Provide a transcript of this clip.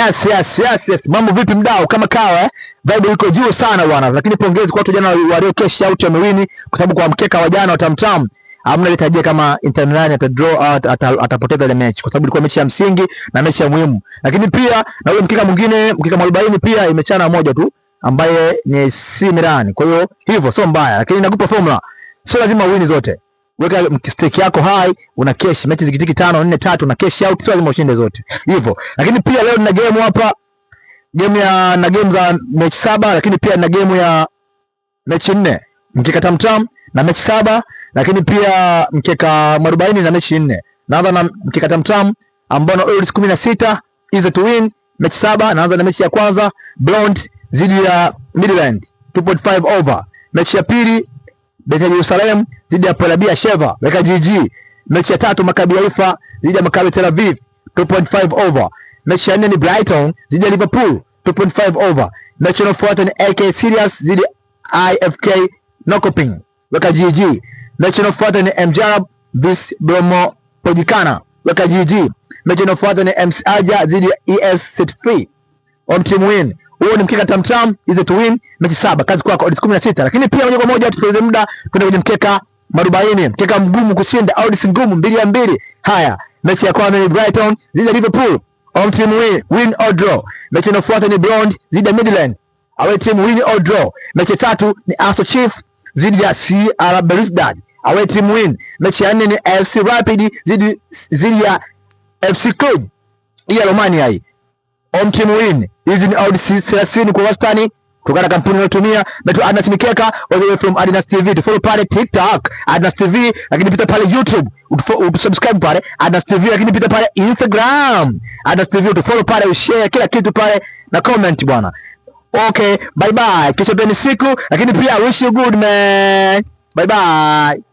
Yes, yes, yes, yes. Mambo vipi mdau, kama kawa eh? Vibe iko juu sana bwana. Lakini pongezi kwa watu jana walio cash out wamewini kwa sababu kwa mkeka wa jana wa tamtam hamna aliyetarajia kama Inter Milan ata draw out uh, atapoteza ile mechi kwa sababu ilikuwa mechi ya msingi na mechi ya muhimu. Lakini pia na ule mkeka mwingine, mkeka wa 40 pia imechana moja tu ambaye ni AC Milan. Kwa hiyo hivyo sio mbaya, lakini nakupa formula. Sio lazima uwini zote weka stake yako high, una cash mechi zikitiki tano nne tatu una cash out, sio lazima ushinde zote hivyo. Lakini pia leo nina game hapa, game ya na game za mechi saba, lakini pia na game ya mechi nne mkeka tamtam na mechi saba, lakini pia mkeka mwarobaini na mechi nne. Naanza na mkeka tamtam ambao na odds kumi na sita easy to win mechi saba. Naanza na mechi ya kwanza Blond zidi ya Midland 2.5 over. Mechi ya pili Beta Jerusalem dhidi ya Tel Aviv Sheva, weka GG. Mechi ya tatu Maccabi Haifa dhidi ya Maccabi Tel Aviv 2.5 over. Mechi ya nne ni Brighton dhidi ya Liverpool 2.5 over. Mechi inayofuata ni AK Sirius dhidi ya IFK Nokoping, weka GG. Mechi inayofuata ni MJarb vs Bromo Podikana weka GG. Mechi inayofuata ni MC Aja dhidi ya ES Setfi on team win. Huo ni mkeka tamtam is it to win, mechi saba, kazi kwako, odds 16. Lakini pia moja kwa moja tupoteze muda, tuende kwenye mkeka Marubaini, mkeka mgumu kushinda, odds ngumu mbili ya mbili. Haya, mechi ya kwanza ni Brighton dhidi ya Liverpool, home team win, win or draw. Mechi inayofuata ni Blond dhidi ya Midland, away team win or draw. Mechi tatu ni Aston Chief dhidi ya CR Belouizdad, away team win. Mechi ya nne ni FC Rapid dhidi dhidi ya FC Cluj ya Romania, hii home team win. Hizi ni odds 30 kwa wastani kutoka kampuni inayotumia naitwa Adnas Mikeka, all the from Adnas TV. to Tufollow pale TikTok Adnas TV, lakini pita pale YouTube utusubscribe pale Adnas TV, lakini pita pale Instagram Adnas TV, to utufollow pale, ushare kila kitu pale na comment bwana. Okay, bye bye. Kesho ni siku, lakini pia wish you good man. Bye bye.